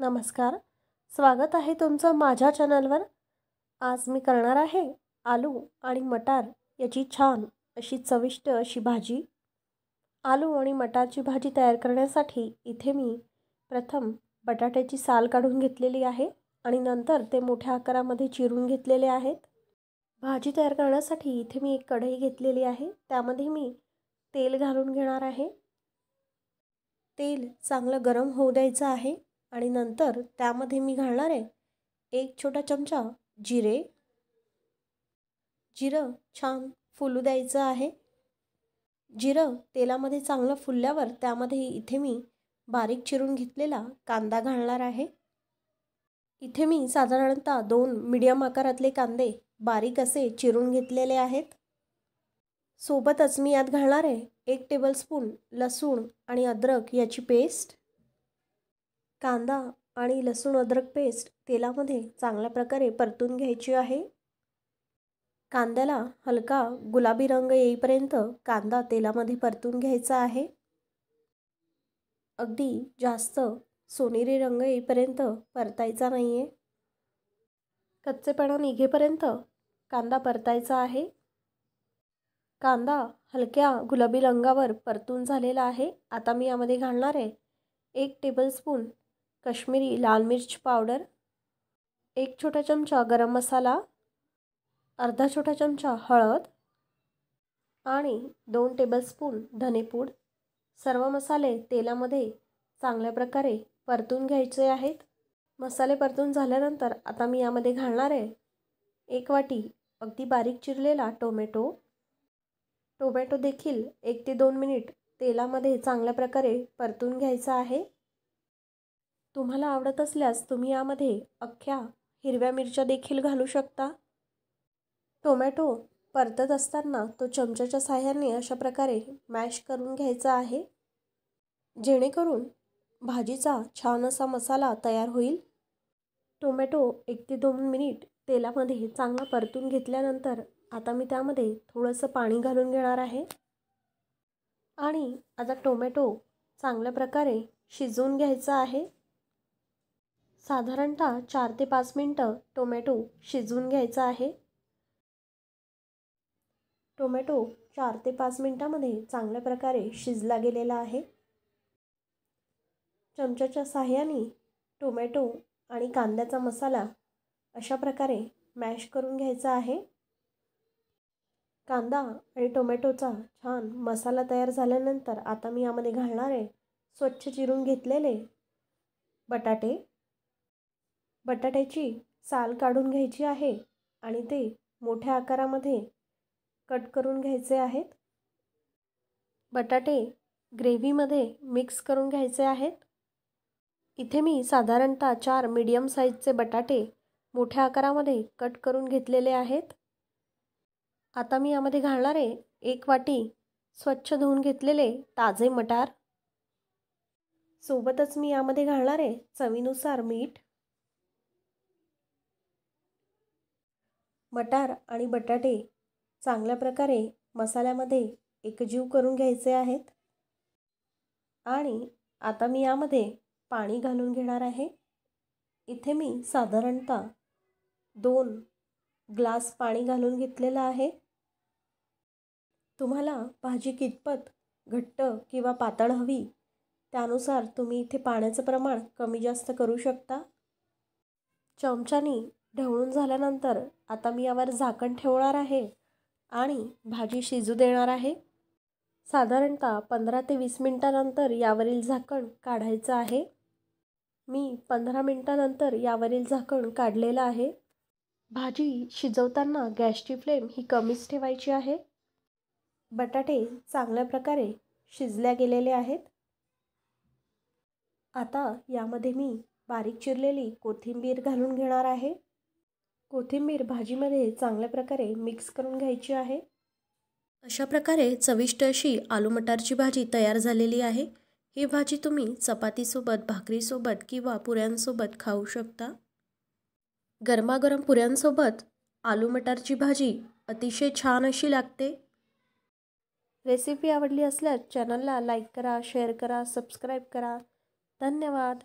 नमस्कार स्वागत आहे तुमचं माझ्या चॅनलवर आज मी करणार आहे आलू आणि मटार याची छान अशी चविष्ट अशी भाजी आलू आणि मटारची भाजी तयार करण्यासाठी इथे मी प्रथम बटाट्याची साल काढून घेतलेली आहे आणि नंतर ते मोठ्या आकारामध्ये चिरून घेतलेले आहेत भाजी तयार करण्यासाठी इथे मी एक कढई घेतलेली आहे त्यामध्ये मी तेल घालून घेणार आहे तेल चांगलं गरम होऊ द्यायचं आहे आणि नंतर त्यामध्ये मी घालणार आहे एक छोटा चमचा जिरे जिरं छान फुलू द्यायचं आहे जिरं तेलामध्ये चांगलं फुलल्यावर त्यामध्ये इथे मी बारीक चिरून घेतलेला कांदा घालणार आहे इथे मी साधारणतः दोन मीडियम आकारातले कांदे बारीक असे चिरून घेतलेले आहेत सोबतच मी यात घालणार आहे एक टेबलस्पून लसूण आणि अद्रक याची पेस्ट कांदा आणि लसूण अद्रक पेस्ट तेलामध्ये चांगल्या प्रकारे परतून घ्यायची आहे कांद्याला हलका गुलाबी रंग येईपर्यंत कांदा तेलामध्ये परतून घ्यायचा आहे अगदी जास्त सोनेरी रंग येईपर्यंत परतायचा नाही आहे कच्चेपणा निघेपर्यंत कांदा परतायचा आहे कांदा हलक्या गुलाबी रंगावर परतून झालेला आहे आता मी यामध्ये घालणार आहे एक टेबलस्पून कश्मीरी लाल मिर्च पावडर एक छोटा चमचा गरम मसाला अर्धा छोटा चमचा हळद आणि दोन टेबलस्पून धनेपूड सर्व मसाले तेलामध्ये चांगल्या प्रकारे परतून घ्यायचे आहेत मसाले परतून झाल्यानंतर आता मी यामध्ये घालणार आहे एक वाटी अगदी बारीक चिरलेला टोमॅटो टोमॅटो देखील एक ते दोन मिनिट तेलामध्ये चांगल्या प्रकारे परतून घ्यायचा आहे तुम्हाला आवडत असल्यास तुम्ही यामध्ये अख्ख्या हिरव्या मिरच्या देखील घालू शकता टोमॅटो परतत असताना तो चमच्याच्या साह्याने अशा प्रकारे मॅश करून घ्यायचा आहे जेणेकरून भाजीचा छान असा मसाला तयार होईल टोमॅटो एक ते दोन मिनिट तेलामध्ये चांगला परतून घेतल्यानंतर आता मी त्यामध्ये थोडंसं पाणी घालून घेणार आहे आणि आता टोमॅटो चांगल्या प्रकारे शिजवून घ्यायचा आहे साधारणतः चार ते पाच मिनटं टोमॅटो शिजवून घ्यायचा आहे टोमॅटो चार ते पाच मिनटामध्ये चांगल्या प्रकारे शिजला गेलेला आहे चमच्याच्या साह्याने टोमॅटो आणि कांद्याचा मसाला अशा प्रकारे मॅश करून घ्यायचा आहे कांदा आणि टोमॅटोचा छान मसाला तयार झाल्यानंतर आता मी यामध्ये घालणार आहे स्वच्छ चिरून घेतलेले बटाटे बटाट्याची साल काढून घ्यायची आहे आणि ते मोठ्या आकारामध्ये कट करून घ्यायचे आहेत बटाटे ग्रेव्हीमध्ये मिक्स करून घ्यायचे आहेत इथे मी साधारणतः चार मीडियम साईजचे बटाटे मोठ्या आकारामध्ये कट करून घेतलेले आहेत आता मी यामध्ये घालणार आहे एक वाटी स्वच्छ धुवून घेतलेले ताजे मटार सोबतच मी यामध्ये घालणार आहे चवीनुसार मीठ मटार आणि बटाटे चांगल्या प्रकारे मसाल्यामध्ये एकजीव करून घ्यायचे आहेत आणि आता मी यामध्ये पाणी घालून घेणार आहे इथे मी साधारणतः दोन ग्लास पाणी घालून घेतलेलं आहे तुम्हाला भाजी कितपत घट्ट किंवा पातळ हवी त्यानुसार तुम्ही इथे पाण्याचं प्रमाण कमी जास्त करू शकता चमच्यानी ढवळून झाल्यानंतर आता मी यावर झाकण ठेवणार आहे आणि भाजी शिजू देणार आहे साधारणतः पंधरा ते वीस मिनटानंतर यावरील झाकण काढायचं आहे मी पंधरा मिनटानंतर यावरील झाकण काढलेलं आहे भाजी शिजवताना गॅसची फ्लेम ही कमीच ठेवायची आहे बटाटे चांगल्या प्रकारे शिजल्या गेलेले आहेत आता यामध्ये मी बारीक चिरलेली कोथिंबीर घालून घेणार आहे कोथिंबीर भाजीमध्ये चांगल्या प्रकारे मिक्स करून घ्यायची आहे अशा प्रकारे चविष्ट अशी आलू मटारची भाजी तयार झालेली आहे ही भाजी तुम्ही चपातीसोबत भाकरीसोबत किंवा पुऱ्यांसोबत खाऊ शकता गरमागरम पुऱ्यांसोबत आलू मटारची भाजी अतिशय छान अशी लागते रेसिपी आवडली असल्यास चॅनलला लाईक करा शेअर करा सबस्क्राईब करा धन्यवाद